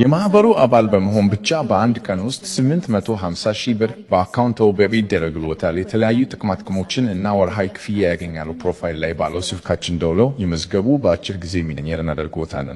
የማህበሩ አባል በመሆን ብቻ በአንድ ቀን ውስጥ 850 ሺህ ብር በአካውንት ገቢ ይደረግልዎታል። የተለያዩ ጥቅማጥቅሞችን እና ወርሃዊ ክፍያ ያገኛሉ። ፕሮፋይል ላይ ባለው ስልካችን ደውለው ይመዝገቡ። በአጭር ጊዜ ሚሊዮኔር እናደርግዎታለን።